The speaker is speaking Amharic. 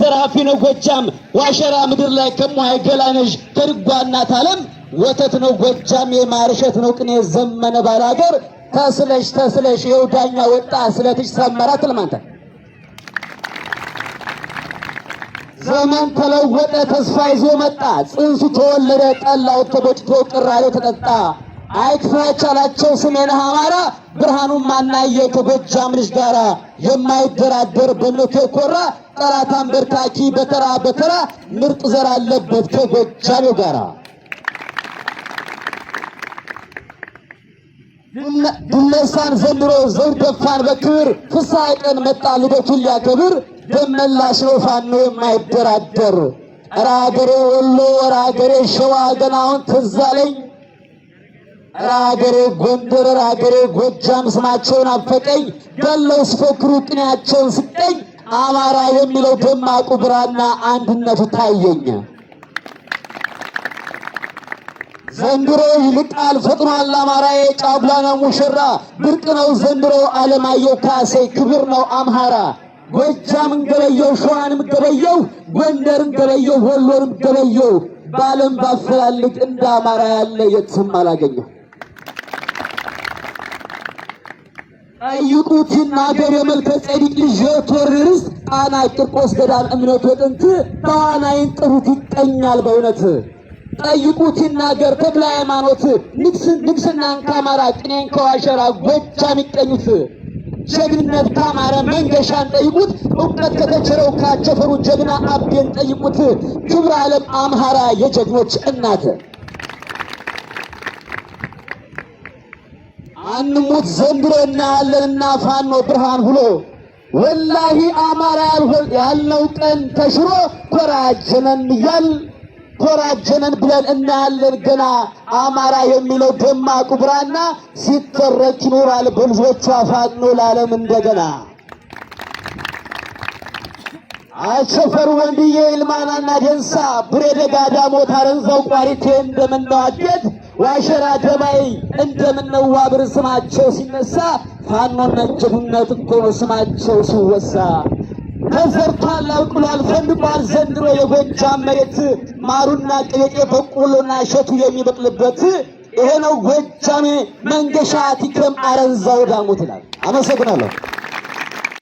ዘራፊ ነው ጎጃም ዋሸራ ምድር ላይ ከሞ አይገላነሽ ከድጓናት ወተት ነው ጎጃም የማርሸት ነው ቅኔ ዘመነ ባላገር ተስለሽ ተስለሽ የውዳኛ ዳኛ ወጣ ስለትሽ ሰመራት ለማንተ ዘመን ተለወጠ ተስፋ ይዞ መጣ ጽንሱ ተወለደ ጠላው ተቦጭቶ ቅራሬው ተጠጣ አይክፋች አላቸው አማራ ብርሃኑም ማናየ ከጎጃም ልጅ ጋራ የማይደራደር በእምነቱ የኮራ ጠላት አንበርካኪ በተራ በተራ ምርጥ ዘር አለበት ከጎጃሜው ጋራ ድነሳን ዘንድሮ ዘር ደፋን በክብር ፍስሐ ቀን መጣ ልደቱን ሊያከብር ደመላሽ ነው ፋኖ የማይደራደር ኧረ ወሎ ኧረ ሸዋ ገናውን አሁን ትዝ አለኝ ጎንደር ኧረ ጎጃም ስማቸውን አፈቀኝ ገለው ሲፎክሩ ቅኔያቸውን ስጠኝ አማራ የሚለው ደማቁ ብራና አንድነቱ ታየኝ። ዘንድሮ ይልቃል ፈጥኗል አማራዬ፣ ጫጉላና ሙሽራ ብርቅ ነው ዘንድሮ። አለማየሁ ካሴ ክብር ነው አምሃራ። ጎጃምን ገበየው፣ ሸዋንም ገበየው፣ ጎንደርን ገበየው፣ ወሎንም ገበየው። ባለም ባፈላልግ እንደ አማራ ያለ የትም አላገኘው። ጠይቁት ይናገር የመልከ ጼዴቅ ልጅ የቶርር ርስት ጣና ቂርቆስ ገዳም እምነት ወጥንት በዋናይን ጥሩት ይቀኛል በእውነት ጠይቁት ይናገር ተክለ ሃይማኖት ንግስናን ካማራ ቅኔን ከዋሸራ ጎጃም ይቀኙት ጀግንነት ካማረ መንገሻን ጠይቁት እውቀት ከተቸረው ካቸፈሩ ጀግና አቤን ጠይቁት ክብረ ዓለም አምሃራ የጀግኖች እናት አንሙት ዘንድሮ እናያለንና ፋኖ ብርሃን ሁሎ ወላሂ አማራ ያልነው ቀን ተሽሮ ኮራጀነን እያል ኮራጀነን ብለን እናያለን ገና አማራ የሚለው ደማቁ ብራና ሲተረክ ይኖራል በልጆቿ ፋኖ ላለም እንደገና አሸፈሩ ወንድዬ ይልማናና ደንሳ ብሬ ደጋዳ ሞት አረንዛው ቋሪቴ እንደምናዋደድ ዋሸራ ደማይ እንደምነዋብር ስማቸው ሲነሳ ፋኖና ጀግንነት እኮ ነው ስማቸው ሲወሳ። ተዘርቷል አብቅሏል ፈንድቋል ዘንድሮ የጎጃም መሬት ማሩና ቅቤጤ በቆሎና እሸቱ የሚበቅልበት ይሄ ነው ጎጃሜ መንገሻ ቲክረም አረንዛው ዳሞት ይላል። አመሰግናለሁ።